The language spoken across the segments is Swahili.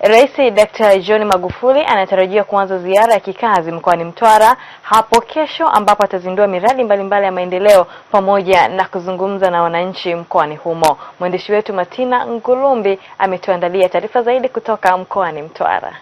Rais Dr. John Magufuli anatarajia kuanza ziara ya kikazi mkoani Mtwara hapo kesho ambapo atazindua miradi mbalimbali ya maendeleo pamoja na kuzungumza na wananchi mkoani humo. Mwandishi wetu matina Ngulumbi ametuandalia taarifa zaidi kutoka mkoani Mtwara.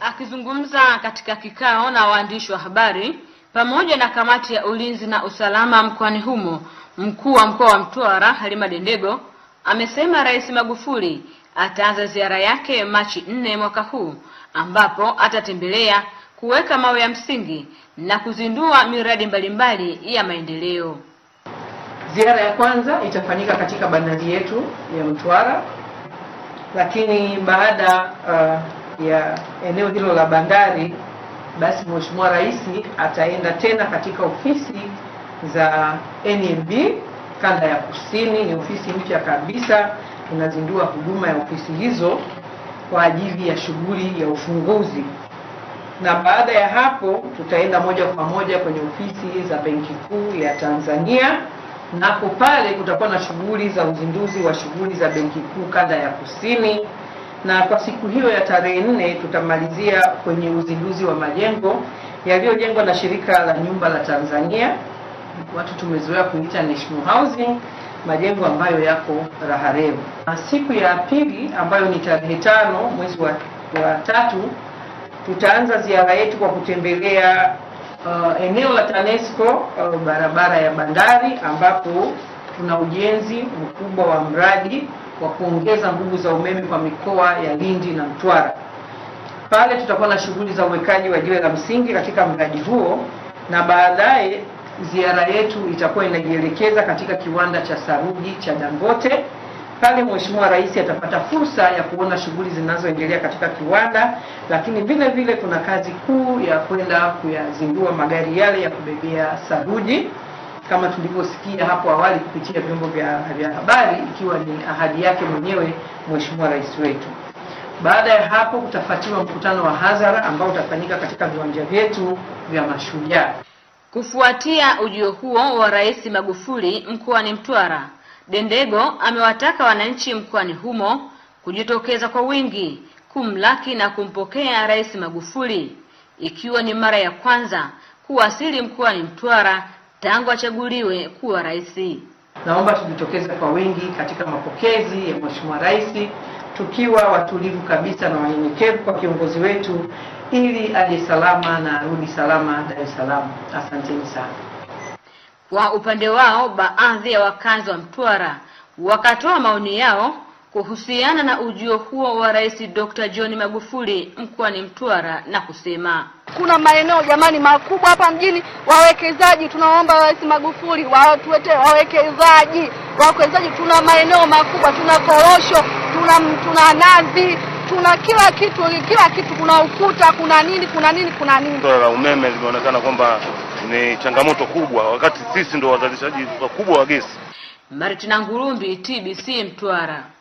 Akizungumza katika kikao na waandishi wa habari pamoja na kamati ya ulinzi na usalama mkoani humo, mkuu wa mkoa wa Mtwara Halima Dendego amesema Rais Magufuli ataanza ziara yake Machi nne mwaka huu ambapo atatembelea kuweka mawe ya msingi na kuzindua miradi mbalimbali mbali ya maendeleo. Ziara ya kwanza itafanyika katika bandari yetu ya Mtwara, lakini baada uh, ya eneo hilo la bandari, basi Mheshimiwa Rais ataenda tena katika ofisi za NMB kanda ya kusini. Ni ofisi mpya kabisa tunazindua huduma ya ofisi hizo kwa ajili ya shughuli ya ufunguzi, na baada ya hapo tutaenda moja kwa moja kwenye ofisi za Benki Kuu ya Tanzania, napo pale kutakuwa na shughuli za uzinduzi wa shughuli za Benki Kuu kanda ya Kusini, na kwa siku hiyo ya tarehe nne tutamalizia kwenye uzinduzi wa majengo yaliyojengwa na shirika la nyumba la Tanzania, watu tumezoea kuita National Housing majengo ambayo yako rahareru Na siku ya pili ambayo ni tarehe tano mwezi wa, wa tatu tutaanza ziara yetu kwa kutembelea uh, eneo la TANESCO uh, barabara ya bandari ambapo tuna ujenzi mkubwa wa mradi wa kuongeza nguvu za umeme kwa mikoa ya Lindi na Mtwara. Pale tutakuwa na shughuli za uwekaji wa jiwe la msingi katika mradi huo na baadaye ziara yetu itakuwa inajielekeza katika kiwanda cha saruji cha Dangote. Pale Mheshimiwa Rais atapata fursa ya kuona shughuli zinazoendelea katika kiwanda, lakini vile vile kuna kazi kuu ya kwenda kuyazindua magari yale ya kubebea saruji kama tulivyosikia hapo awali kupitia vyombo vya, vya habari, ikiwa ni ahadi yake mwenyewe Mheshimiwa Rais wetu. Baada ya hapo kutafuatiwa mkutano wa hadhara ambao utafanyika katika viwanja vyetu vya Mashujaa. Kufuatia ujio huo wa Rais Magufuli mkoani Mtwara, Dendego amewataka wananchi mkoani humo kujitokeza kwa wingi kumlaki na kumpokea Rais Magufuli, ikiwa ni mara ya kwanza kuwasili mkoani Mtwara tangu achaguliwe kuwa rais. Naomba tujitokeze kwa wingi katika mapokezi ya Mheshimiwa Rais tukiwa watulivu kabisa na wanyenyekevu kwa kiongozi wetu ili aje salama na arudi salama Dar es Salaam. Asanteni sana. Kwa upande wao, baadhi ya wakazi wa Mtwara wakatoa maoni yao kuhusiana na ujio huo wa Rais Dr. John Magufuli mkoani Mtwara na kusema kuna maeneo jamani makubwa hapa mjini, wawekezaji tunaomba Rais Magufuli watuletee wawekezaji. Wawekezaji tuna maeneo makubwa, tuna korosho tuna, tuna nazi tuna kila kitu kila kitu, kuna ukuta kuna nini kuna nini kuna nini. Swala la umeme limeonekana kwamba ni changamoto kubwa, wakati sisi ndo wazalishaji wakubwa wa gesi. martina Ngurumbi, TBC Mtwara.